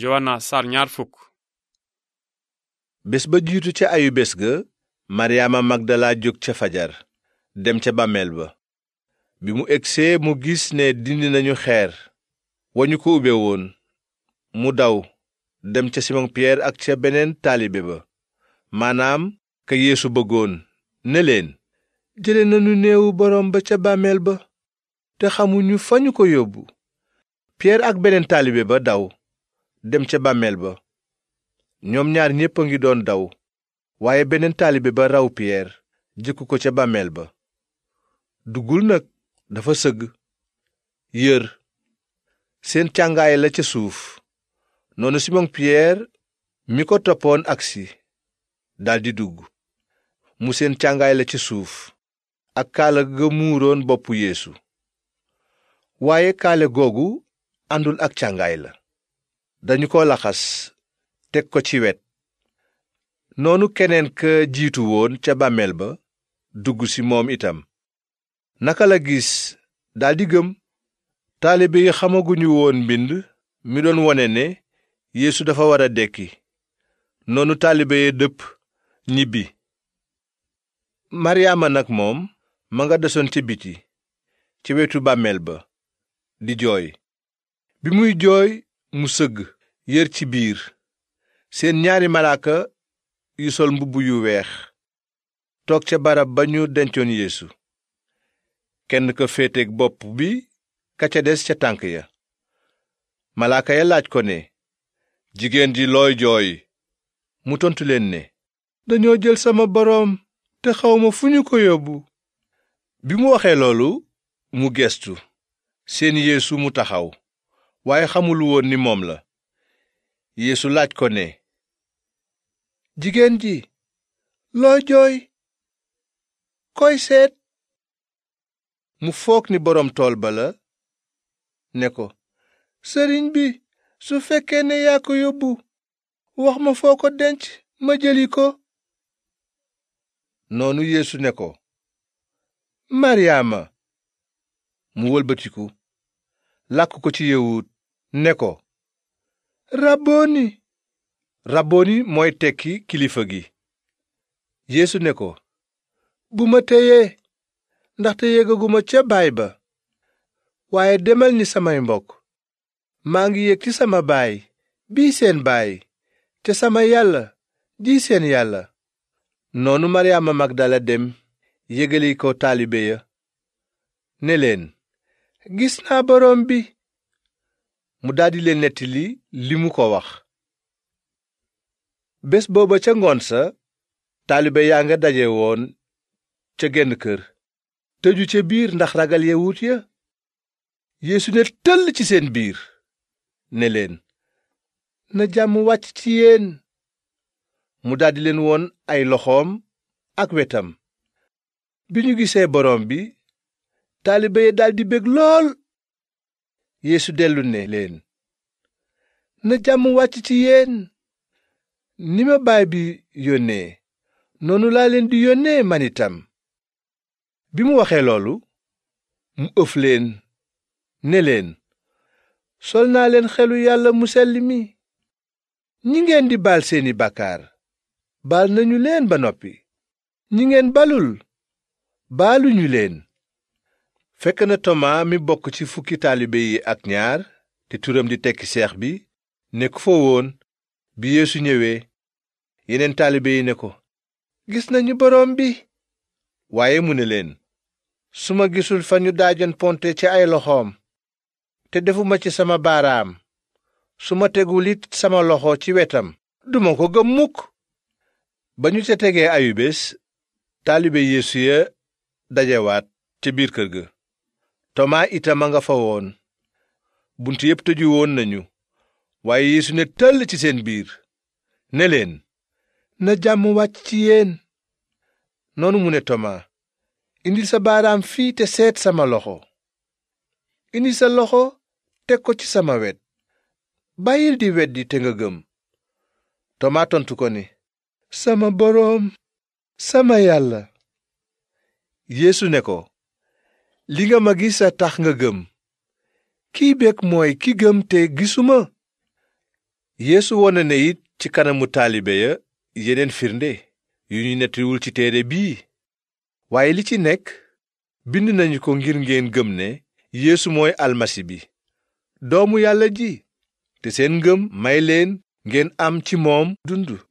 Yowaana sar ñaar fukk. bés ba jiitu ca ayu bés ga maryaama magdala jóg ca fajar dem ca bàmmeel ba bi mu egsee mu gis ne dindi nañu xeer wañu ko ube woon mu daw dem ca simon piyeer ak ca beneen taalibe ba maanaam ka yeesu bëggoon ne leen jële nañu néewu boroom ba ca bàmmeel ba te xamuñu fa ñu ko yóbbu piyeer ak beneen taalibe ba daw dem ca bàmmeel ba ñoom ñaar ñépp a ngi doon daw waaye beneen taalibe ba raw piyeer jëkku ko ca bàmmeel ba duggul nag dafa sëgg yër seen càngaay la ca suuf noonu simon piyeer mi ko toppoon agsi daldi dugg mu seen càngaay la ca suuf ak kaala ga muuroon boppu yéesu waaye kaale googu àndul ak càngaay la dañu ko laxas teg ko ci wet noonu keneen ka jiitu woon ca bàmmeel ba dugg ci moom itam naka la gis daldi gëm taalibe yi xamaguñu woon mbind mi doon wone ne yéesu dafa war a dekki noonu taalibe yi dëpp ñibbi maryaama nag moom ma nga desoon ca biti ci wetu bàmmeel ba di jooy bi muy jooy mu sëgg yér ci biir seen ñaari malaaka yu sol mbubb yu weex toog ca barab ba ñu dencoon yéesu kenn ka féeteeg bopp bi ka ca des ca tànk ya malaaka ya laaj ko ne jigéen ji looy jooy mu tontu leen ne dañoo jël sama boroom te xawma fu ñu ko yóbbu bi mu waxee loolu mu gestu seen yéesu mu taxaw waaye xamul woon ni moom la yéesu laaj ko ne jigéen ji loo jooy koy seet mu foog ni boroom tool ba la ne ko sëriñ bi su fekkee ne yaa ko yóbbu wax ma foo ko denc ma jëli ko noonu yéesu ne ko maryaama mu wëlbatiku làkk ko ci yawut ne ko rabboni rabboni mooy tekki kilifa gi yeesu ne ko bu ma téyee ndaxte yégaguma ca baay ba waaye demal ni samay mbokk maa ngi yég ci sama baay bii seen baay te sama yàlla di seen yàlla noonu maryaama magdala dem yégali ko taalibe ya ne gis naa boroom bi mu daldi leen nettali li mu ko wax bés booba ca ngoon sa taalibe yaa nga daje woon ca genn kër tëju ca biir ndax ragal yawut ya yeesu ne tëll ci seen biir ne leen na jàmm wàcc ci yéen mu daldi leen woon ay loxoom ak wetam bi ñu gisee boroom bi taalibe ya daldi bég lool yeesu dellu ne leen na jàmm wàcc ci yéen ni ma baay bi yónnee noonu laa leen di yónnee man itam bi mu waxee loolu mu ëf leen ne leen sol naa leen xelu yàlla mu sell mi ñi ngeen di baal seeni bàkkaar baal nañu leen ba noppi ñi ngeen balul baaluñu leen fekk na tomaa mi bokk ci fukki taalibe yi ak ñaar te turam di tekki seex bi nekk foo woon bi yeesu ñëwee yeneen taalibe yi ne ko gis nañu boroom bi waaye mu ne leen su ma gisul fa ñu daajoon ponte ci ay loxoom te defuma ci sama baaraam su ma tegul it sama loxo ci wetam duma ko gëm ba ñu ca tegee ayubés taalibe yeesu ya dajewaat ca biir kër ga tomaa itam a nga fa woon bunt yépp tëju woon nañu waaye yeesu ne tëll ci seen biir ne leen na jàmm wàcc ci yéen noonu mu ne tomaa indil sa baaraam fii te seet sama loxo indil sa loxo teg ko ci sama wet bàyyil di weddi te nga gëm tomaa tontu ko ni sama boroom sama yàlla yéesu ne ko li nga ma gis a tax nga gëm kiy bég mooy ki gëm te gisuma yéesu wone na it ci kanamu taalibe ya yeneen firnde yu ñu nettiwul ci téere bii waaye li ci nekk bind nañu ko ngir ngeen gëm ne yéesu mooy almasi bi doomu yàlla ji te seen ngëm may leen ngeen am ci moom dund